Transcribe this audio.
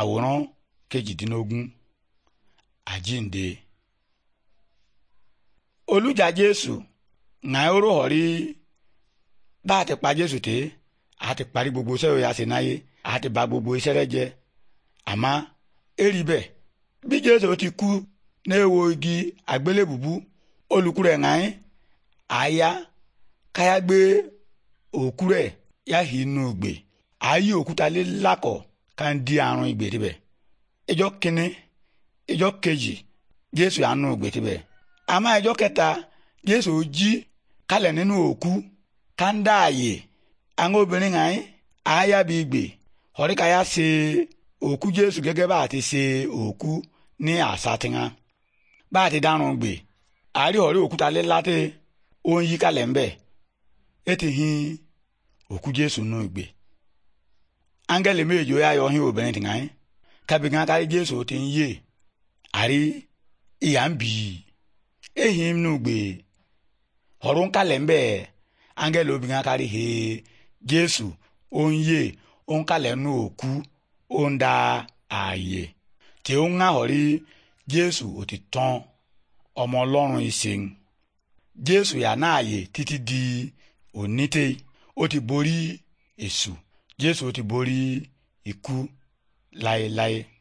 àwòrán kejìdínlógún àjínde olùjà jésù ŋàóró ọ̀rí bá a ti pa jésù té a ti parí gbogbo sẹ́yọ̀ yà sí náyé a ti ba gbogbo iṣẹ́ je jẹ́ àmọ́ eri bẹ́ẹ̀ bí jésù ti kú n'ewo igi àgbélébùbú olùkú rẹ̀ ŋàn àyà káyà gbé òkú rẹ̀ yà hì gbè àyè òkúta lé kan ń di àrùn ìgbèrè bẹ̀. ìjọ kínní ìjọ kejì jésù àánú ìgbèrè bẹ̀. àmọ́ ìjọ kẹta jésù jí kalẹ̀ nínú òkú ká ń dá àyè àwọn obìnrin hàn yín àáyá bíi gbè ọ̀ríkàyà ṣe òkú jésù gẹ́gẹ́ bá a ti ṣe òkú ní àṣà tiwọn bá a ti dárun gbè àárí ọ̀rí òkúta lé látẹ̀ ó ń yí kalẹ̀ ń bẹ̀ ẹ ti hin òkú jésù nù ìgbè angele mejo ya yo hin obìnrin ti ngai kabi kan kari Jésù ti ń yè àrí ìyá ń bì í ehin nù gbè ọ̀run ń kalẹ̀ angele obìnrin kan kari he Jésù ó ń yè ó ń kalẹ̀ nù òkú ó ń da ààyè tí ó ń hàn ọ̀rí Jésù ò tán ọmọ Ọlọ́run ìsìn Jésù yà náà yè títí di òní tẹ́ ó ti borí Èṣù. E jésù ti borí ikú láéláé.